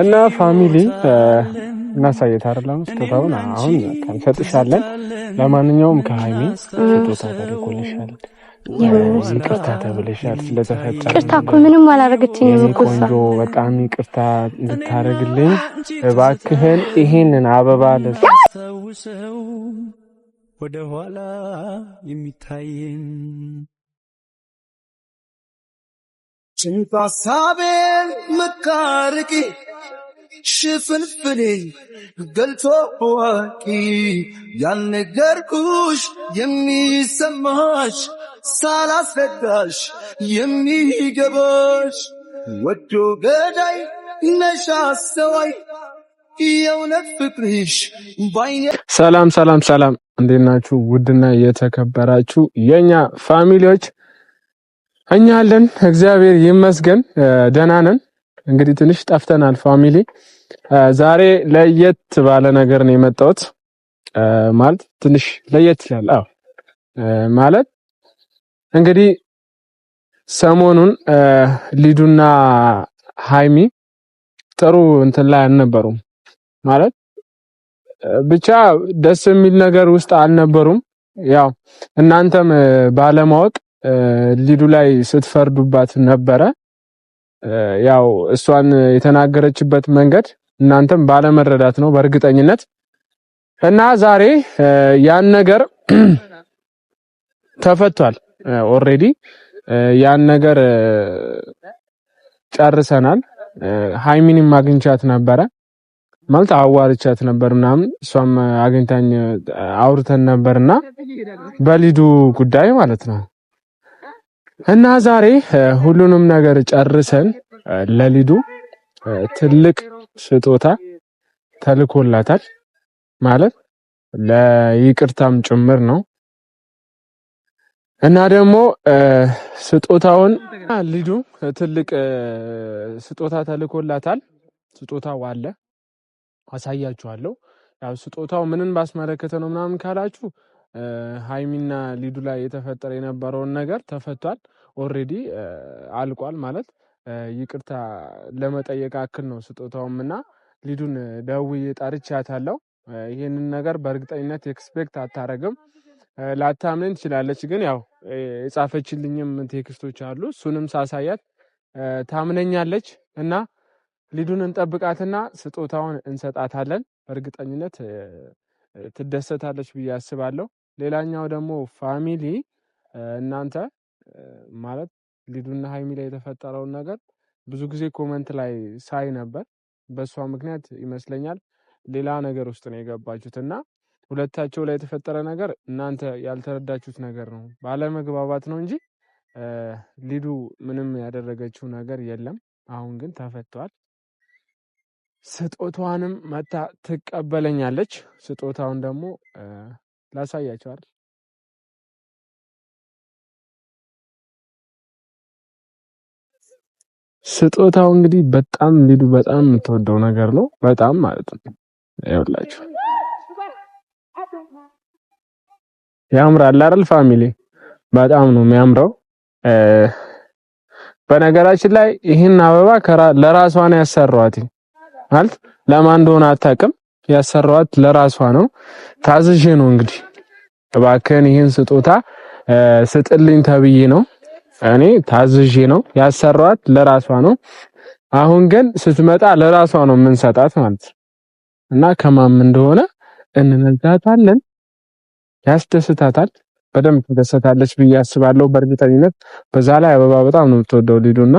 እና ፋሚሊ እናሳየት አይደለም ስጦታውን አሁን እንሰጥሻለን። ለማንኛውም ከሀይሚ ስጦታ ተልኮልሻል፣ ይቅርታ ተብለሻል ስለተፈጠረ። ቅርታ እኮ ምንም አላረገችኝም እኮ ቆንጆ በጣም ይቅርታ እንድታረግልኝ እባክህን ይሄንን አበባ ለሰው ወደኋላ የሚታየን ጭንቅ ሀሳቤን መካርቂ ሽፍንፍኔ ገልጾ ዋቂ ያልነገርኩሽ የሚሰማሽ ሳላስረዳሽ የሚገባሽ ወዶ ገዳይ ነሽ አስተዋይ የእውነት ፍቅርሽ ባይኔ። ሰላም ሰላም ሰላም፣ እንዴት ናችሁ? ውድና የተከበራችሁ የእኛ ፋሚሊዎች እኛ አለን፣ እግዚአብሔር ይመስገን ደህና ነን። እንግዲህ ትንሽ ጠፍተናል ፋሚሊ። ዛሬ ለየት ባለ ነገር ነው የመጣሁት። ማለት ትንሽ ለየት ይላል። አዎ ማለት እንግዲህ ሰሞኑን ሊዱና ሃይሚ ጥሩ እንትን ላይ አልነበሩም። ማለት ብቻ ደስ የሚል ነገር ውስጥ አልነበሩም። ያው እናንተም ባለማወቅ ሊዱ ላይ ስትፈርዱባት ነበረ። ያው እሷን የተናገረችበት መንገድ እናንተም ባለመረዳት ነው በእርግጠኝነት እና ዛሬ ያን ነገር ተፈቷል። ኦሬዲ ያን ነገር ጨርሰናል። ሃይሚንም አግኝቻት ነበረ ማለት አዋርቻት ነበር ምናምን እሷም አግኝታኝ አውርተን ነበርና በሊዱ ጉዳይ ማለት ነው። እና ዛሬ ሁሉንም ነገር ጨርሰን ለሊዱ ትልቅ ስጦታ ተልኮላታል። ማለት ለይቅርታም ጭምር ነው። እና ደግሞ ስጦታውን ሊዱ ትልቅ ስጦታ ተልኮላታል። ስጦታው አለ አሳያችኋለሁ። ያው ስጦታው ምንን ባስመለከተ ነው ምናምን ካላችሁ ሀይሚና ሊዱ ላይ የተፈጠረ የነበረውን ነገር ተፈቷል። ኦሬዲ አልቋል ማለት ይቅርታ ለመጠየቅ አክል ነው ስጦታውም እና ሊዱን ደውዬ ጠርቻታለሁ። ይህንን ነገር በእርግጠኝነት ኤክስፔክት አታረግም፣ ላታምነኝ ትችላለች። ግን ያው የጻፈችልኝም ቴክስቶች አሉ። እሱንም ሳሳያት ታምነኛለች እና ሊዱን እንጠብቃትና ስጦታውን እንሰጣታለን። በእርግጠኝነት ትደሰታለች ብዬ አስባለሁ። ሌላኛው ደግሞ ፋሚሊ እናንተ ማለት ሊዱና ሀይሚ ላይ የተፈጠረውን ነገር ብዙ ጊዜ ኮመንት ላይ ሳይ ነበር። በእሷ ምክንያት ይመስለኛል ሌላ ነገር ውስጥ ነው የገባችሁት እና ሁለታቸው ላይ የተፈጠረ ነገር እናንተ ያልተረዳችሁት ነገር ነው፣ ባለመግባባት ነው እንጂ ሊዱ ምንም ያደረገችው ነገር የለም። አሁን ግን ተፈቷል። ስጦታዋንም መታ ትቀበለኛለች። ስጦታውን ደግሞ ላሳያቸው አይደል? ስጦታው እንግዲህ በጣም ሊዱ በጣም የምትወደው ነገር ነው። በጣም ማለት ነው። ይኸውላችሁ ያምራል አይደል? ፋሚሊ በጣም ነው የሚያምረው። በነገራችን ላይ ይህን አበባ ለራሷን ያሰሯት ማለት ለማን እንደሆነ አታውቅም። ያሰራዋት ለራሷ ነው። ታዝዤ ነው እንግዲህ እባክህን ይህን ስጦታ ስጥልኝ ተብዬ ነው። እኔ ታዝዤ ነው ያሰራዋት ለራሷ ነው። አሁን ግን ስትመጣ ለራሷ ነው የምንሰጣት ማለት ነው። እና ከማም እንደሆነ እንነዛታለን። ያስደስታታል። በደንብ ተደሰታለች ብዬ አስባለሁ በእርግጠኝነት። በዛ ላይ አበባ በጣም ነው የምትወደው ሊዱና።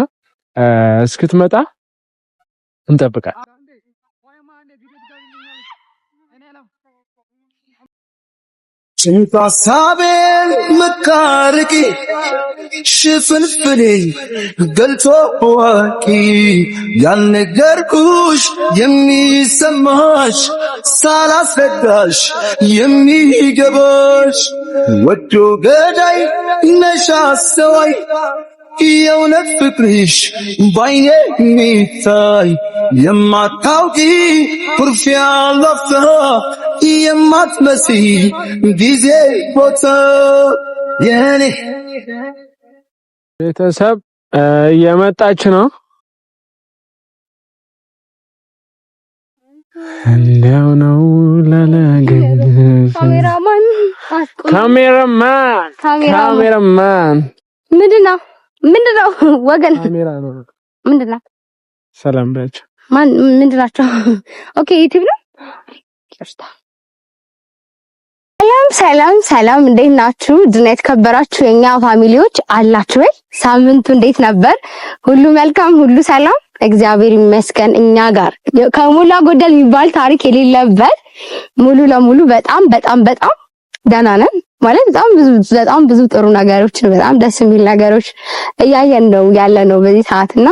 እስክትመጣ እንጠብቃለን። ስንት ሀሳቤን መታረቂ ሽፍንፍኔ ገልጾ ዋቂ ያልነገርኩሽ የሚሰማሽ ሳላስረዳሽ የሚገባሽ ወዶ ገዳይ ነሽ አስተዋይ የእውነት ፍቅርሽ ባይኔ የሚታይ የማታውቂ ኩርፊያ ላፍታ የማትመሲ ጊዜ ቦታ የኔ ቤተሰብ እየመጣች ነው። እንዲያው ነው ካሜራማን ካሜራማን ካሜራማን ምንድነው? ምንድነው? ወገን ምንድነው? ሰላም ብላችሁ ማን ምንድናቸው? ኦኬ ዩቲዩብ ነው። ሰላም ሰላም ሰላም፣ እንዴት ናችሁ? ድና የተከበራችሁ የኛ ፋሚሊዎች አላችሁ ወይ? ሳምንቱ እንዴት ነበር? ሁሉ መልካም፣ ሁሉ ሰላም፣ እግዚአብሔር ይመስገን። እኛ ጋር ከሞላ ጎደል የሚባል ታሪክ የሌለበት ሙሉ ለሙሉ በጣም በጣም በጣም ደህና ነን ማለት በጣም ብዙ በጣም ብዙ ጥሩ ነገሮችን በጣም ደስ የሚል ነገሮች እያየን ነው ያለ ነው በዚህ ሰዓት እና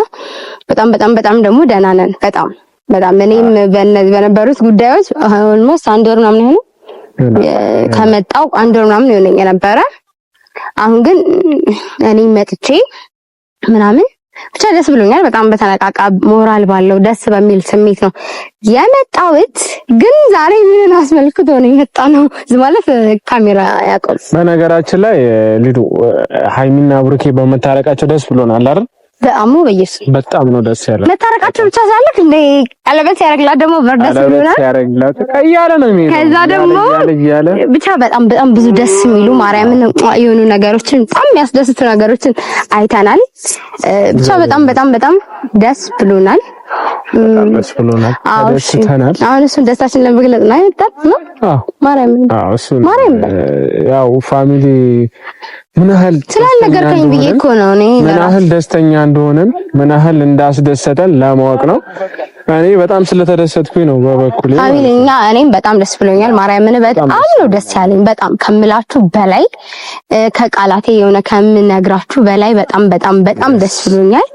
በጣም በጣም በጣም ደግሞ ደህና ነን። በጣም በጣም እኔም በነበሩት ጉዳዮች ኦልሞስት አንድ ወር ምናምን ከመጣው አንድ ወር ምናምን የሆነኝ የነበረ አሁን ግን እኔ መጥቼ ምናምን ብቻ ደስ ብሎኛል። በጣም በተነቃቃ ሞራል ባለው ደስ በሚል ስሜት ነው የመጣሁት። ግን ዛሬ ምንን አስመልክቶ ነው የመጣ ነው ማለት ካሜራ ያቆም። በነገራችን ላይ ሊዱ ሀይሚና ብሩኬ በመታረቃቸው ደስ ብሎናል አይደል? በጣም በየሱ በጣም ነው ደስ ያለው። መታረቃቸው ብቻ ሳለክ እንደ ቀለበት ያረግላት ደግሞ በርደስ ይሆናል ያረግላት እያለ ነው የሚሄደው። ከዛ ደግሞ ብቻ በጣም በጣም ብዙ ደስ የሚሉ ማርያምን የሆኑ ነገሮችን በጣም የሚያስደስቱ ነገሮችን አይተናል። ብቻ በጣም በጣም በጣም ደስ ብሎናል። ደስ ብሎናል። አሁን እሱን ደስታችን ለመግለጽ ነው አይደል? ማርያም ማርያም ያው ፋሚሊ ምን ያህል ስላልነገርከኝ ብዬ እኮ ነው። እኔ ምን ያህል ደስተኛ እንደሆነን ምን ያህል እንዳስደሰተን ለማወቅ ነው። እኔ በጣም ስለተደሰትኩኝ ነው በበኩሌ። አሚን። እኔም በጣም ደስ ብሎኛል። ማርያምን በጣም ነው ደስ ያለኝ፣ በጣም ከምላችሁ በላይ ከቃላቴ የሆነ ከምነግራችሁ በላይ በጣም በጣም በጣም ደስ ብሎኛል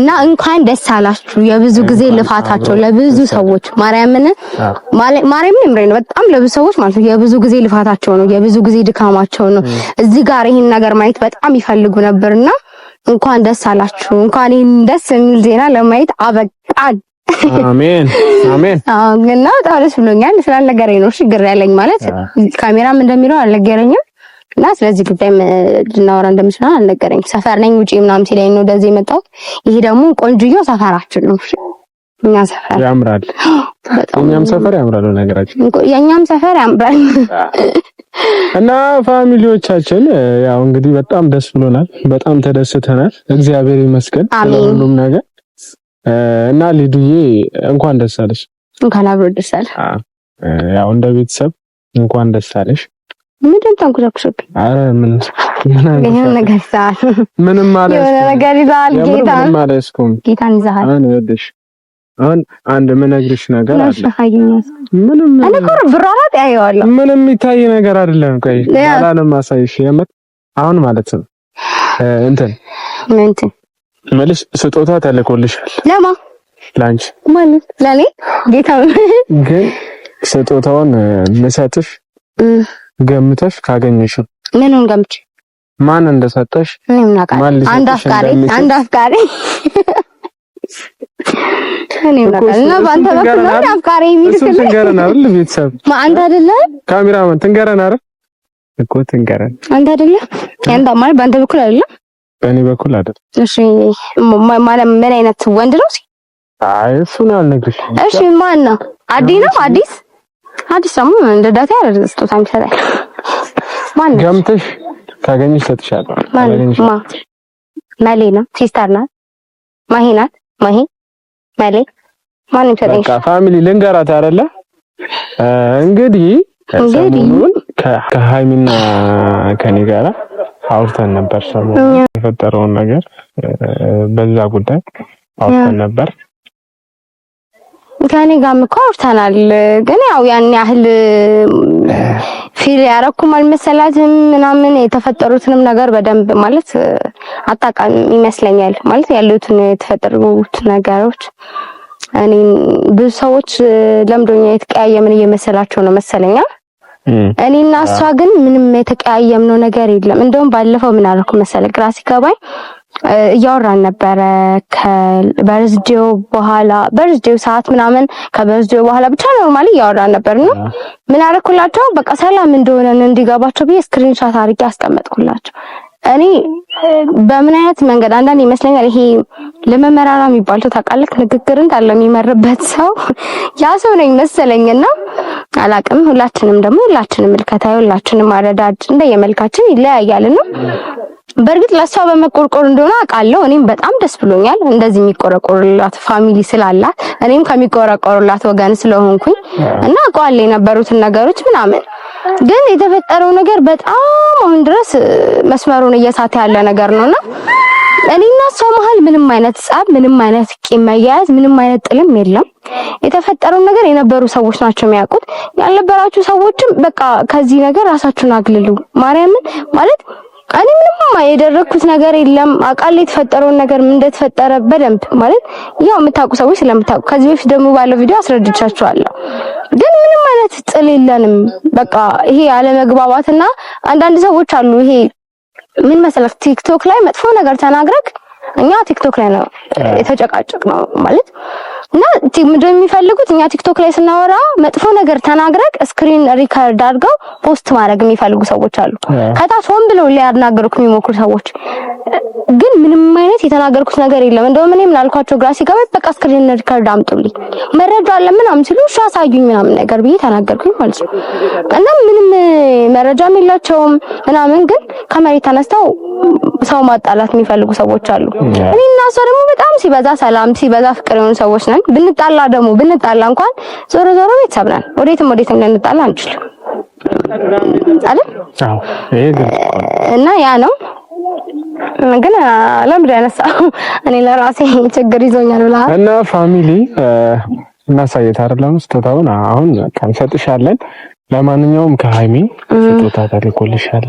እና እንኳን ደስ አላችሁ። የብዙ ጊዜ ልፋታቸው ለብዙ ሰዎች ማርያምን ማርያምን ምሬ ነው በጣም ለብዙ ሰዎች ማለት ነው። የብዙ ጊዜ ልፋታቸው ነው፣ የብዙ ጊዜ ድካማቸው ነው። mm. እዚህ ጋር ይህን ነገር ማየት በጣም ይፈልጉ ነበርና እንኳን ደስ አላችሁ። እንኳን ይህን ደስ የሚል ዜና ለማየት አበቃን። አሜን አሜን። አዎ ግና በጣም ደስ ብሎኛል። ስላልነገረኝ ነው ግር ያለኝ ማለት ካሜራም እንደሚለው አልነገረኝም እና ስለዚህ ጉዳይ ልናወራ እንደምችል አልነገረኝም። ሰፈር ነኝ ውጪ ምናምን ሲለኝ ነው ወደዚህ የመጣሁት። ይሄ ደግሞ ቆንጆዬው ሰፈራችን ነው። እኛ ሰፈር ያምራል፣ እኛም ሰፈር ያምራል፣ ነገራችን የኛም ሰፈር ያምራል። እና ፋሚሊዎቻችን ያው እንግዲህ በጣም ደስ ብሎናል፣ በጣም ተደስተናል። እግዚአብሔር ይመስገን ሁሉም ነገር እና ልዱዬ እንኳን ደስ አለሽ። እንኳን አብሮ ደስ አለ። ያው እንደ ቤተሰብ እንኳን ደስ አለሽ። ምንም ታንኩሳኩሽብኝ? አረ ምን ምንም ነገር ሳል ምንም ማለት ነገር ይዛል። ይዛል። አሁን አንድ የምነግርሽ ነገር አለ። ምንም እኔ ብራራት ምንም የሚታይ ነገር አይደለም። ቆይ አላለም ማሳይሽ የምር አሁን ማለት ነው እንትን እንትን መልሽ ስጦታ ተልኮልሻል። ለማ ላንቺ ማለት ለኔ ጌታ ግን ስጦታውን ልሰጥሽ ገምተሽ ካገኘሽ ምኑን ገምች ማን እንደሰጠሽ አንድ አፍቃሪ አንድ አፍቃሪ ካሜራማን ትንገረን አይደል? እኮ ትንገረን አንተ አይደለ? ያንተ ማለት በአንተ በኩል አይደለ? በእኔ በኩል አይደል። እሺ ማለት ምን አይነት ወንድ ነው? እሺ አይ እሱ ነው አልነግርሽም። እሺ ማን ነው? አዲ ነው? አዲስ አዲስ ደግሞ እንደ ዳታ አይደል ስጦታ የሚሰጣል። ማን ነው? ገምተሽ ካገኘሽ ሰጥሻለሁ። ማ መሌ ነው? ሲስተር ናት? ማሂ ናት? ማሂ መሌ ማን ነው ይሰጠኝ? በቃ ፋሚሊ ልንገራት አይደለ እንግዲህ እንግዲህ ከሀይሚና ከኔ ጋራ አውርተን ነበር ሰሞኑን የተፈጠረውን ነገር በዛ ጉዳይ አውርተን ነበር። ከኔ ጋርም እኮ አውርተናል። ግን ያው ያን ያህል ፊል ያረኩም አልመሰላትም ምናምን የተፈጠሩትንም ነገር በደንብ ማለት አጣቃሚ ይመስለኛል። ማለት ያሉትን የተፈጠሩት ነገሮች እኔ ብዙ ሰዎች ለምዶኛ የተቀያየምን እየመሰላቸው ነው መሰለኛል። እኔና እሷ ግን ምንም የተቀያየምነው ነገር የለም። እንደውም ባለፈው ምን አልኩ መሰለ፣ ግራ ሲገባኝ እያወራን ነበረ። ከበርዝዴው በኋላ በርዝዴው ሰዓት ምናምን ከበርዝዴው በኋላ ብቻ ኖርማሊ እያወራን ነበር ነው ምን አደረኩላቸው፣ በቃ ሰላም እንደሆነ እንዲገባቸው ብዬ ስክሪንሻት አድርጌ አስቀመጥኩላቸው። እኔ በምን አይነት መንገድ አንዳንድ ይመስለኛል ይሄ ለመመራራ የሚባለው ታውቃለህ፣ ንግግር እንዳለ የሚመርበት ሰው ያ ሰው ነኝ መሰለኝና አላቅም። ሁላችንም ደግሞ ሁላችንም ምልከታ ሁላችንም አረዳድ እንደየመልካችን ይለያያልና በእርግጥ ለሷ በመቆርቆር እንደሆነ አውቃለሁ። እኔም በጣም ደስ ብሎኛል፣ እንደዚህ የሚቆረቆሩላት ፋሚሊ ስላላት እኔም ከሚቆረቆሩላት ወገን ስለሆንኩኝ እና አውቀዋለሁ የነበሩትን ነገሮች ምናምን። ግን የተፈጠረው ነገር በጣም አሁን ድረስ መስመሩን እየሳተ ያለ ነገር ነውና እኔና ሰው መሀል ምንም አይነት ጻብ፣ ምንም አይነት ቂም መያያዝ፣ ምንም አይነት ጥልም የለም። የተፈጠረውን ነገር የነበሩ ሰዎች ናቸው የሚያውቁት። ያልነበራችሁ ሰዎችም በቃ ከዚህ ነገር ራሳችሁን አግልሉ። ማርያምን ማለት እኔ ምንም የደረግኩት ነገር የለም። አቃል የተፈጠረውን ነገር ምን እንደተፈጠረ በደንብ ማለት ያው የምታውቁ ሰዎች ስለምታውቁ ከዚህ በፊት ደግሞ ባለው ቪዲዮ አስረድቻችኋለሁ። ግን ምንም አይነት ጥል የለንም። በቃ ይሄ አለመግባባትና አንዳንድ ሰዎች አሉ። ይሄ ምን መሰለህ ቲክቶክ ላይ መጥፎ ነገር ተናግረክ እኛ ቲክቶክ ላይ ነው የተጨቃጨቅ ነው ማለት እና ምንድ የሚፈልጉት? እኛ ቲክቶክ ላይ ስናወራ መጥፎ ነገር ተናግረግ ስክሪን ሪከርድ አድርገው ፖስት ማድረግ የሚፈልጉ ሰዎች አሉ። ከታች ሆን ብለው ሊያናገሩክ የሚሞክሩ ሰዎች ግን ምንም አይነት የተናገርኩት ነገር የለም። እንደውም እኔ ምናልኳቸው አልኳቸው ግራ በቃ ስክሪን ሪከርድ አምጡልኝ መረጃ አለ ምናምን ሲሉ እሺ አሳዩኝ ምናምን ነገር ብዬ ተናገርኩኝ ማለት ነው። እና ምንም መረጃም የላቸውም ምናምን፣ ግን ከመሬት ተነስተው ሰው ማጣላት የሚፈልጉ ሰዎች አሉ። እኔ እና እሷ ደግሞ በጣም ሲበዛ ሰላም ሲበዛ ፍቅር የሆኑ ሰዎች ነን። አሁን ብንጣላ ደግሞ ብንጣላ እንኳን ዞሮ ዞሮ ቤተሰብ ነን። ወዴትም ወዴትም ልንጣላ አንችልም አይደል? አዎ እና ያ ነው። ግን ለምድ ያነሳው እኔ ለራሴ ችግር ይዞኛል ብላ እና ፋሚሊ እናሳየት አይደለም ስህተታውን አሁን እንሰጥሻለን ለማንኛውም ከሀይሚ ስጦታ ተልኮልሻል፣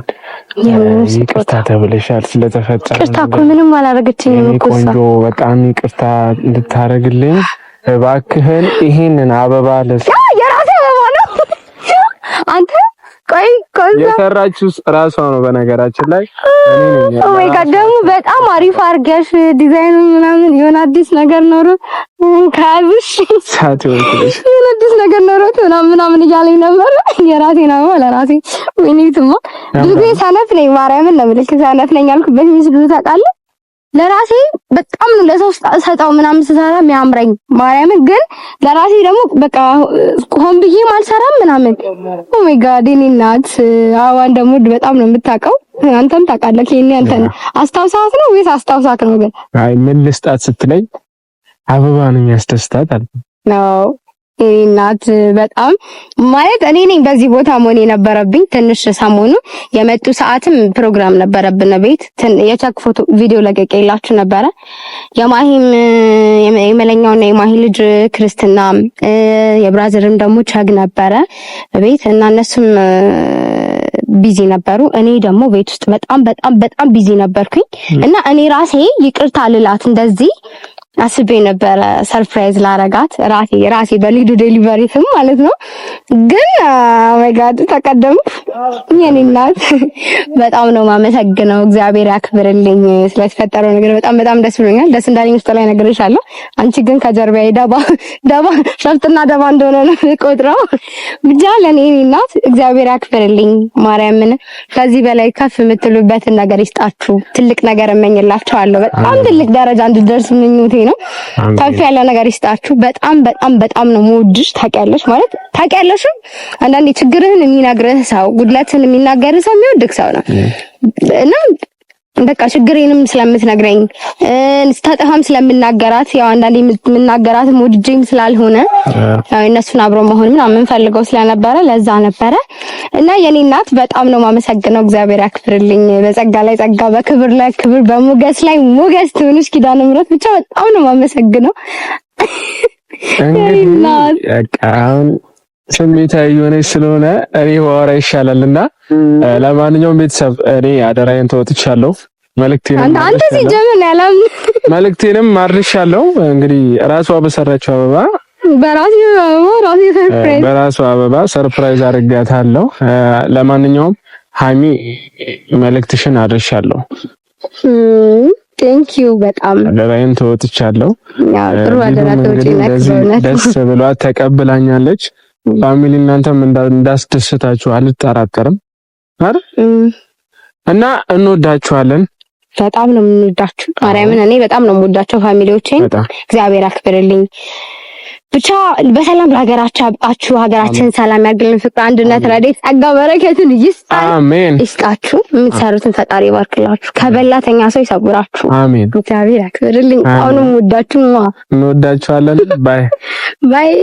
ይቅርታ ተብለሻል። ስለተፈጠረ ቅርታ እኮ ምንም አላረገችኝም እኮ ቆንጆ፣ በጣም ይቅርታ እንድታረግልኝ እባክህን። ይሄንን አበባ ለስ የራሴ አበባ ነው አንተ ቆይ የሰራችሁስ ራሷ ነው። በነገራችን ላይ ጋድ ደግሞ በጣም አሪፍ ምናምን የሆነ አዲስ ነገር ኖሮ ካልሽ የሆነ አዲስ ነገር ምናምን ምናምን እያለኝ ነበር። የራሴ ነው ለራሴ ወይኔ ትማ ብዙ ጊዜ ሰነፍ ነኝ። ማርያምን ነው የምልክ ሰነፍ ነኝ አልኩበት ብዙ ታውቃለህ ለራሴ በጣም ነው ለሰው ሰጣው ምናምን ስሰራ የሚያምረኝ ማርያምን። ግን ለራሴ ደግሞ በቃ ሆን ብዬ አልሰራም ምናምን። ኦ ማይ ጋድ የኔ እናት አዋን ደግሞ በጣም ነው የምታውቀው። አንተም ታውቃለህ። ከኔ አንተ አስታውሳት ነው ወይስ አስታውሳት ነው? ግን አይ ምን ልስጣት ስትለኝ አበባ ነው የሚያስደስታት አልኩ። ነው እናት በጣም ማለት እኔ ነኝ በዚህ ቦታ መሆን የነበረብኝ። ትንሽ ሰሞኑ የመጡ ሰዓትም ፕሮግራም ነበረብን ቤት የቸክ ፎቶ ቪዲዮ ለቀቀላችሁ ነበረ። የማሂም የመለኛውና የማሂ ልጅ ክርስትና የብራዘርም ደግሞ ቸግ ነበረ ቤት እና እነሱም ቢዚ ነበሩ። እኔ ደግሞ ቤት ውስጥ በጣም በጣም በጣም ቢዚ ነበርኩኝ እና እኔ ራሴ ይቅርታ ልላት እንደዚህ አስቤ ነበረ ሰርፕራይዝ ላረጋት ራሴ ራሴ በሊዱ ዴሊቨሪ ስም ማለት ነው። ግን ኦማይ ጋድ ተቀደም የኔ እናት በጣም ነው ማመሰግነው። እግዚአብሔር ያክብርልኝ። ስለተፈጠረው ነገር በጣም በጣም ደስ ብሎኛል። ደስ እንዳለኝ ውስጥ ላይ እነግርሻለሁ። አንቺ ግን ከጀርባዬ ደባ ደባ ሸፍጥና ደባ እንደሆነ ነው የምቆጥረው። ብቻ ለኔ እናት እግዚአብሔር ያክብርልኝ። ማርያምን ከዚህ በላይ ከፍ የምትሉበትን ነገር ይስጣችሁ። ትልቅ ነገር እመኝላችኋለሁ። በጣም ትልቅ ደረጃ እንድደርስ ምኞቴ ነው። ከፍ ያለ ነገር ይስጣችሁ። በጣም በጣም በጣም ነው የምወድሽ። ታውቂያለሽ ማለት ታውቂያለሽም። አንዳንዴ ችግርህን የሚነግርህ ሰው፣ ጉድለትን የሚናገርህ ሰው የሚወድህ ሰው ነው እና በቃ ችግሬንም ስለምትነግረኝ ስታጠፋም ስለምናገራት ያው አንዳንዴ የምናገራትም ወድጄም ስላልሆነ እነሱን አብሮ መሆን ምናምን የምንፈልገው ስለነበረ ለዛ ነበረ እና የኔ እናት በጣም ነው ማመሰግነው። እግዚአብሔር ያክብርልኝ። በጸጋ ላይ ጸጋ፣ በክብር ላይ ክብር፣ በሞገስ ላይ ሞገስ ትሁንሽ። ኪዳነ ምሕረት ብቻ በጣም ነው ማመሰግነው። ስሜታዊ የሆነች ስለሆነ እኔ ዋራ ይሻላል እና ለማንኛውም ቤተሰብ እኔ አደራዬን ተወጥቻለሁ። መልክቴንም አንተ አድርሻለሁ። እንግዲህ ራሷ በሰራችው አበባ በራሷ አበባ ሰርፕራይዝ አድርጋታለሁ። ለማንኛውም ሀሚ መልክትሽን አድርሻለሁ። ቴንኪዩ በጣም አደራዬን ተወጥቻለሁ። ጥሩ አደራ ተወጪ። ደስ ብሏት ተቀብላኛለች። ፋሚሊ እናንተም እንዳስደስታችሁ አልጠራጠርም አይደል? እና እንወዳችኋለን። በጣም ነው የምንወዳችሁ። ማርያምን እኔ በጣም ነው የምወዳቸው ፋሚሊዎቼን። እግዚአብሔር አክብርልኝ። ብቻ በሰላም ለሀገራችን ለሀገራችሁ ሀገራችን ሰላም ያግልን፣ ፍቅር፣ አንድነት፣ ረዴት፣ ጸጋ በረከትን ይስጣል። አሜን። ይስጣችሁ። የምትሰሩትን ፈጣሪ ይባርክላችሁ። ከበላተኛ ሰው ይሰውራችሁ። አሜን። እግዚአብሔር አክብርልኝ። አሁንም ወዳችሁ እንወዳችኋለን። ባይ ባይ